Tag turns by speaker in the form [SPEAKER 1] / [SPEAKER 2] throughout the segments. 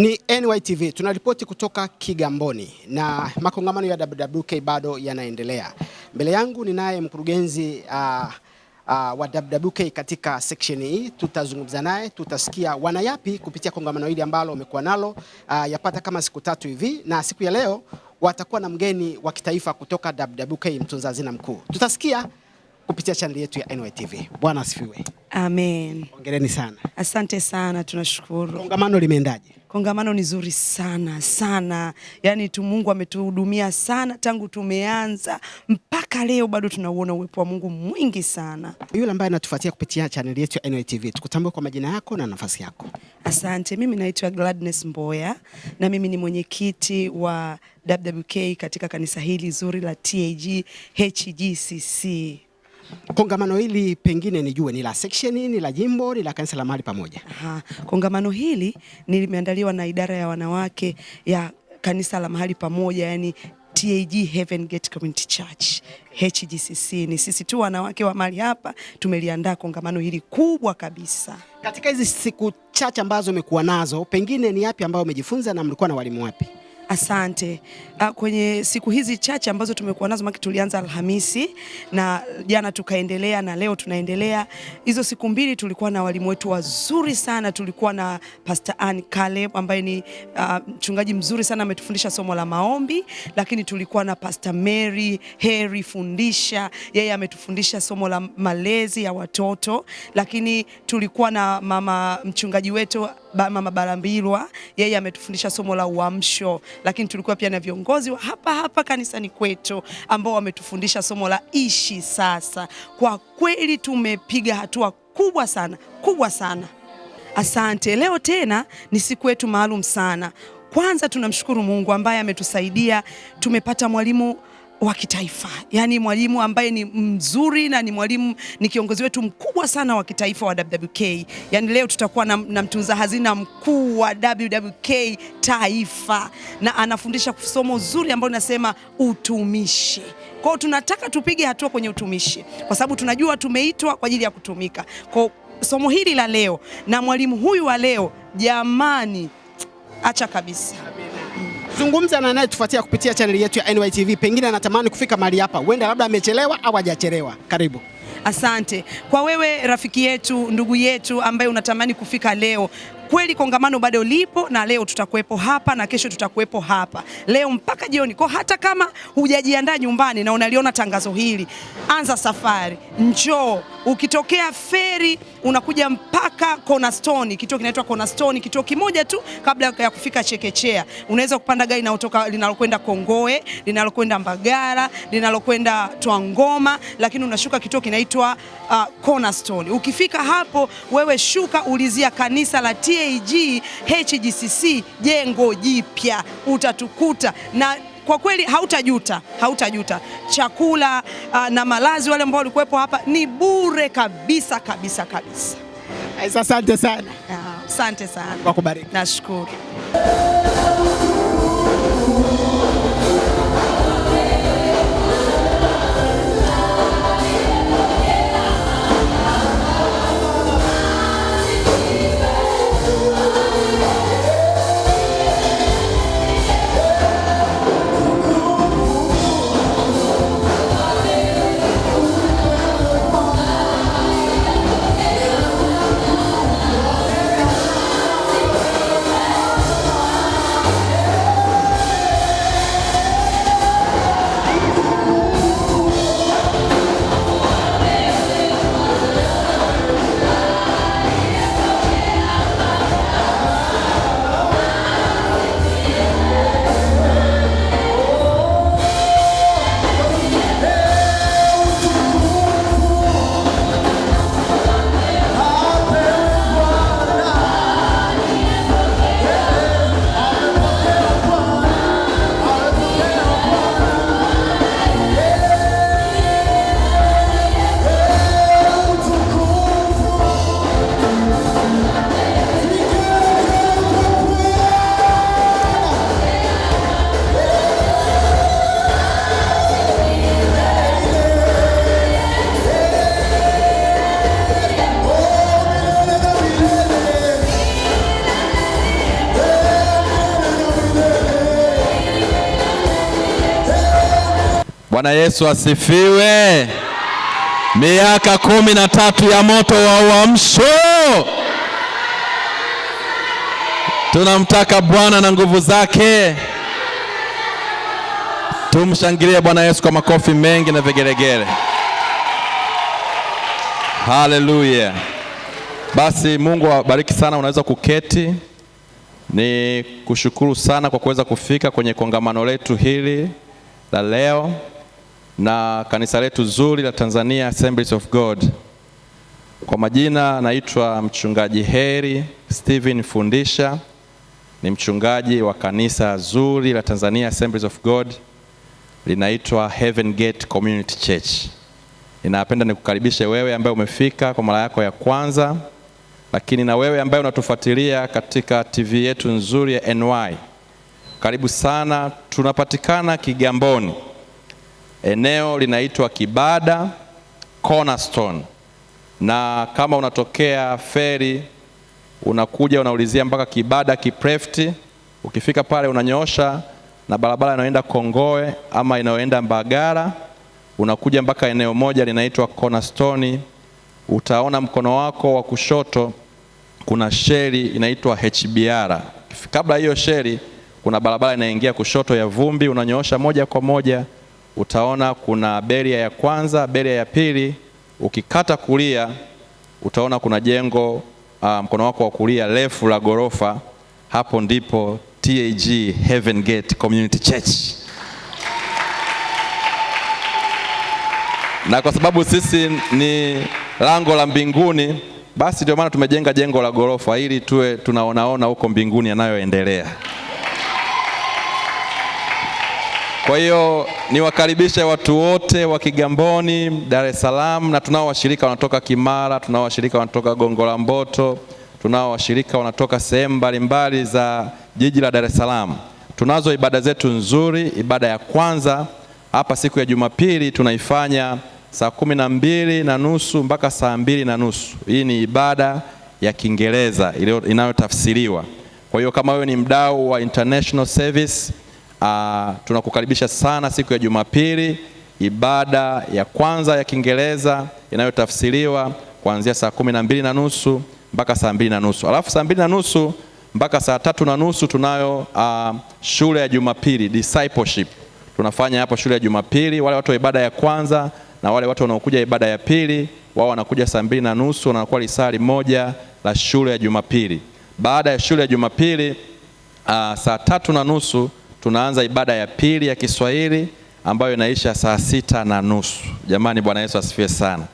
[SPEAKER 1] Ni NYTV tunaripoti kutoka Kigamboni, na makongamano ya WWK bado yanaendelea. Mbele yangu ninaye mkurugenzi uh, uh, wa WWK katika section hii. Tutazungumza naye, tutasikia wanayapi kupitia kongamano hili ambalo wamekuwa nalo uh, yapata kama siku tatu hivi, na siku ya leo watakuwa na mgeni wa kitaifa kutoka WWK, mtunza hazina mkuu. Tutasikia kupitia chaneli yetu ya NYTV. Bwana asifiwe.
[SPEAKER 2] Amen.
[SPEAKER 1] Hongereni sana.
[SPEAKER 2] Asante sana, tunashukuru.
[SPEAKER 1] Kongamano limeendaje?
[SPEAKER 2] Kongamano ni zuri sana sana, yaani tu Mungu ametuhudumia sana tangu tumeanza mpaka leo, bado tunauona uwepo wa Mungu mwingi sana.
[SPEAKER 1] Yule ambaye anatufuatia kupitia chaneli yetu ya NYTV, tukutambue kwa majina yako na nafasi yako.
[SPEAKER 2] Asante, mimi naitwa Gladness Mboya na mimi ni mwenyekiti wa WWK katika kanisa hili zuri la TAG e HGCC.
[SPEAKER 1] Kongamano hili pengine nijue ni la section, ni la jimbo, ni la kanisa la mahali pamoja?
[SPEAKER 2] Aha. Kongamano hili limeandaliwa na idara ya wanawake ya kanisa la mahali pamoja, yani TAG Heaven Gate Community Church HGCC. Ni sisi tu wanawake wa mali hapa tumeliandaa kongamano hili kubwa kabisa.
[SPEAKER 1] Katika hizi siku chache ambazo umekuwa nazo, pengine ni yapi ambayo umejifunza na mlikuwa na walimu wapi?
[SPEAKER 2] Asante. Ah, kwenye siku hizi chache ambazo tumekuwa nazo, maki, tulianza Alhamisi na jana tukaendelea na leo tunaendelea. Hizo siku mbili tulikuwa na walimu wetu wazuri sana. Tulikuwa na Pastor Ann Caleb ambaye ni ah, mchungaji uh, mzuri sana, ametufundisha somo la maombi, lakini tulikuwa na Pastor Mary Heri Fundisha, yeye ametufundisha somo la malezi ya watoto, lakini tulikuwa na mama mchungaji wetu ba, mama Balambilwa yeye ametufundisha somo la uamsho, lakini tulikuwa pia na viongozi wa hapa hapa kanisani kwetu ambao wametufundisha somo la ishi sasa. Kwa kweli tumepiga hatua kubwa sana kubwa sana. Asante. Leo tena ni siku yetu maalum sana. Kwanza tunamshukuru Mungu ambaye ametusaidia, tumepata mwalimu wa kitaifa, yaani mwalimu ambaye ni mzuri na ni mwalimu ni kiongozi wetu mkubwa sana wa kitaifa wa WWK. Yaani leo tutakuwa na, na mtunza hazina mkuu wa WWK taifa na anafundisha somo zuri ambalo linasema utumishi. Kwao tunataka tupige hatua kwenye utumishi, kwa sababu tunajua tumeitwa kwa ajili ya kutumika. Kwa somo hili la leo na mwalimu huyu wa leo, jamani, acha kabisa
[SPEAKER 1] zungumza na naye tufuatia kupitia chaneli yetu ya NYTV, pengine anatamani kufika mahali hapa, huenda labda amechelewa au hajachelewa. Karibu.
[SPEAKER 2] Asante kwa wewe rafiki yetu, ndugu yetu ambaye unatamani kufika leo. Kweli kongamano bado lipo, na leo tutakuwepo hapa na kesho tutakuwepo hapa, leo mpaka jioni. Kwa hata kama hujajiandaa nyumbani na unaliona tangazo hili, anza safari, njoo Ukitokea feri unakuja mpaka Cornerstone, kituo kinaitwa Cornerstone, kituo kimoja tu kabla ya kufika chekechea. Unaweza kupanda gari linalotoka linalokwenda Kongoe, linalokwenda Mbagala, linalokwenda Twangoma, lakini unashuka kituo kinaitwa uh, Cornerstone. Ukifika hapo, wewe shuka, ulizia kanisa la TAG HGCC jengo jipya, utatukuta na kwa kweli hautajuta, hautajuta. Chakula uh, na malazi wale ambao walikuwepo hapa ni bure kabisa kabisa kabisa.
[SPEAKER 1] Asante sana,
[SPEAKER 2] ah, asante sana kwa kubariki. Nashukuru.
[SPEAKER 3] Bwana Yesu asifiwe. Miaka kumi na tatu ya moto wa uamsho, tunamtaka Bwana na nguvu zake. Tumshangilie Bwana Yesu kwa makofi mengi na vigelegele. Haleluya! Basi Mungu awabariki sana, unaweza kuketi. Ni kushukuru sana kwa kuweza kufika kwenye kongamano letu hili la leo na kanisa letu zuri la Tanzania Assemblies of God. Kwa majina naitwa mchungaji Heri Steven Fundisha, ni mchungaji wa kanisa zuri la Tanzania Assemblies of God linaitwa Heaven Gate Community Church. Ninapenda nikukaribishe wewe ambaye umefika kwa mara yako ya kwanza, lakini na wewe ambaye unatufuatilia katika TV yetu nzuri ya NY. Karibu sana, tunapatikana Kigamboni Eneo linaitwa Kibada Cornerstone, na kama unatokea feri unakuja unaulizia mpaka Kibada Kiprefti. Ukifika pale unanyoosha na barabara inayoenda Kongowe ama inayoenda Mbagara, unakuja mpaka eneo moja linaitwa Cornerstone. Utaona mkono wako wa kushoto kuna sheri inaitwa HBR. Kabla hiyo sheri kuna barabara inaingia kushoto ya vumbi, unanyoosha moja kwa moja utaona kuna beria ya kwanza, beria ya pili. Ukikata kulia utaona kuna jengo uh, mkono wako wa kulia refu la ghorofa. Hapo ndipo TAG Heaven Gate Community Church. Na kwa sababu sisi ni lango la mbinguni, basi ndio maana tumejenga jengo la ghorofa ili tuwe tunaonaona huko mbinguni yanayoendelea. Kwa hiyo niwakaribishe watu wote wa Kigamboni, Dar es Salaam, na tunao washirika wanatoka Kimara, tunao washirika wanatoka Gongo la Mboto, tunao washirika wanatoka sehemu mbalimbali za jiji la Dar es Salaam. Tunazo ibada zetu nzuri. Ibada ya kwanza hapa siku ya Jumapili tunaifanya saa kumi na mbili na nusu mpaka saa mbili na nusu. Hii ni ibada ya Kiingereza inayotafsiriwa. Kwa hiyo kama wewe ni mdau wa international service Aa, ah, tunakukaribisha sana siku ya Jumapili, ibada ya kwanza ya Kiingereza inayotafsiriwa kuanzia saa kumi na mbili na nusu mpaka saa mbili na nusu alafu saa mbili na nusu mpaka saa tatu na nusu tunayo uh, shule ya Jumapili discipleship tunafanya hapo shule ya Jumapili. Wale watu wa ibada ya kwanza na wale watu wanaokuja ibada ya pili, wao wanakuja saa mbili na nusu wanakuwa lisali moja la shule ya Jumapili. Baada ya shule ya Jumapili uh, saa tatu na nusu tunaanza ibada ya pili ya Kiswahili ambayo inaisha saa sita na nusu. Jamani, Bwana Yesu asifiwe sana.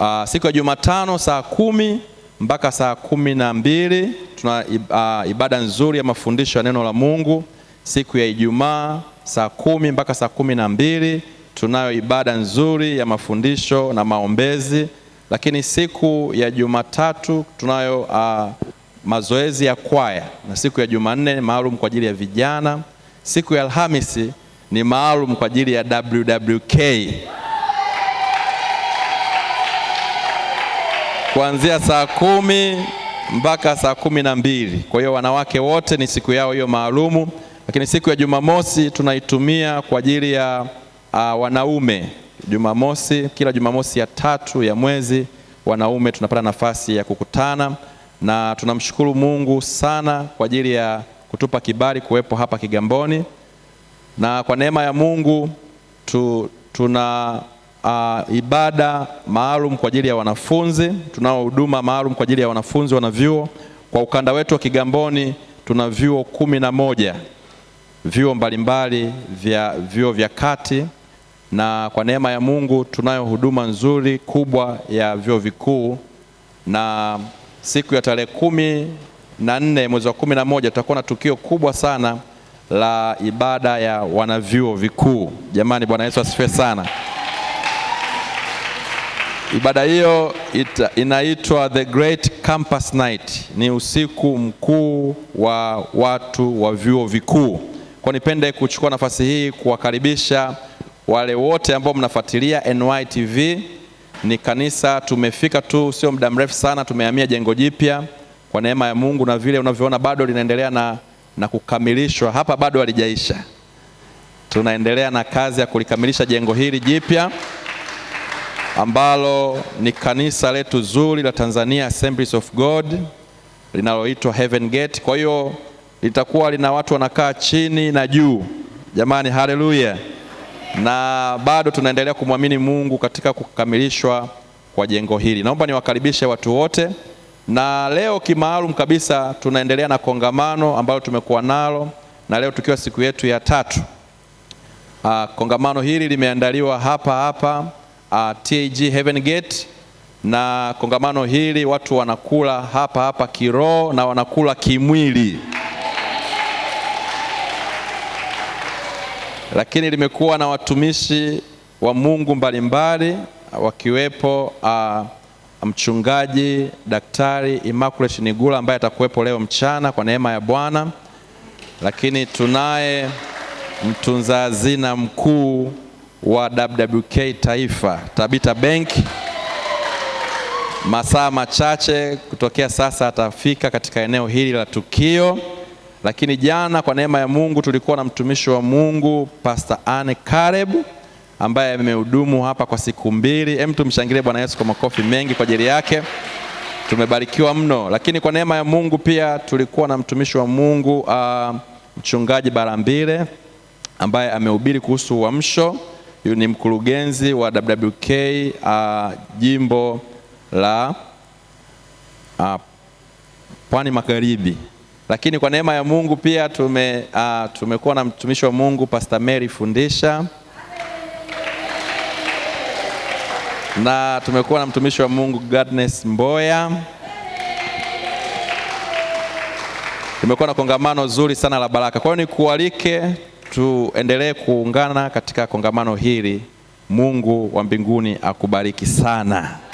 [SPEAKER 3] Uh, siku ya Jumatano saa kumi mpaka saa kumi na mbili tuna uh, ibada nzuri ya mafundisho ya neno la Mungu. Siku ya Ijumaa saa kumi mpaka saa kumi na mbili tunayo ibada nzuri ya mafundisho na maombezi, lakini siku ya Jumatatu tunayo uh, mazoezi ya kwaya, na siku ya Jumanne ni maalum kwa ajili ya vijana. Siku ya Alhamisi ni maalum kwa ajili ya WWK kuanzia saa kumi mpaka saa kumi na mbili. Kwa hiyo wanawake wote ni siku yao hiyo maalumu, lakini siku ya Jumamosi tunaitumia kwa ajili ya uh, wanaume. Jumamosi, kila Jumamosi ya tatu ya mwezi wanaume tunapata nafasi ya kukutana na tunamshukuru Mungu sana kwa ajili ya kutupa kibali kuwepo hapa Kigamboni, na kwa neema ya Mungu tu, tuna uh, ibada maalum kwa ajili ya wanafunzi. Tunao huduma maalum kwa ajili ya wanafunzi wana vyuo Kwa ukanda wetu wa Kigamboni tuna vyuo kumi na moja vyuo mbalimbali vya vyuo vya kati, na kwa neema ya Mungu tunayo huduma nzuri kubwa ya vyuo vikuu na siku ya tarehe kumi na nne mwezi wa kumi na moja tutakuwa na tukio kubwa sana la ibada ya wanavyuo vikuu. Jamani, Bwana Yesu asifiwe sana. Ibada hiyo inaitwa The Great Campus Night, ni usiku mkuu wa watu wa vyuo vikuu. Kwa nipende kuchukua nafasi hii kuwakaribisha wale wote ambao mnafuatilia nytv TV ni kanisa. Tumefika tu sio muda mrefu sana, tumehamia jengo jipya kwa neema ya Mungu, na vile unavyoona bado linaendelea na, na kukamilishwa. Hapa bado halijaisha, tunaendelea na kazi ya kulikamilisha jengo hili jipya ambalo ni kanisa letu zuri la Tanzania Assemblies of God linaloitwa Heaven Gate. Kwa hiyo litakuwa lina watu wanakaa chini na juu. Jamani, haleluya! na bado tunaendelea kumwamini Mungu katika kukamilishwa kwa jengo hili. Naomba niwakaribishe watu wote, na leo kimaalum kabisa tunaendelea na kongamano ambalo tumekuwa nalo, na leo tukiwa siku yetu ya tatu. Uh, kongamano hili limeandaliwa hapa hapa uh, ah, TAG Heaven Gate, na kongamano hili watu wanakula hapa hapa kiroho na wanakula kimwili. lakini limekuwa na watumishi wa Mungu mbalimbali mbali, wakiwepo uh, mchungaji daktari Immaculate Shinigula ambaye atakuwepo leo mchana kwa neema ya Bwana, lakini tunaye mtunza hazina mkuu wa WWK Taifa Tabita Bank. Masaa machache kutokea sasa atafika katika eneo hili la tukio. Lakini jana kwa neema ya Mungu tulikuwa na mtumishi wa Mungu Pastor Anne Kareb ambaye amehudumu hapa kwa siku mbili. Hem, tumshangilie Bwana Yesu kwa makofi mengi kwa ajili yake. Tumebarikiwa mno. Lakini kwa neema ya Mungu pia tulikuwa na mtumishi wa Mungu uh, mchungaji Barambile ambaye amehubiri kuhusu uamsho. Huyu ni mkurugenzi wa WWK uh, jimbo la uh, Pwani Magharibi. Lakini kwa neema ya Mungu pia tume, uh, tumekuwa na mtumishi wa Mungu Pastor Mary Fundisha na tumekuwa na mtumishi wa Mungu Godness Mboya. Tumekuwa na kongamano zuri sana la baraka. Kwa hiyo nikualike tuendelee kuungana katika kongamano hili. Mungu wa mbinguni akubariki sana.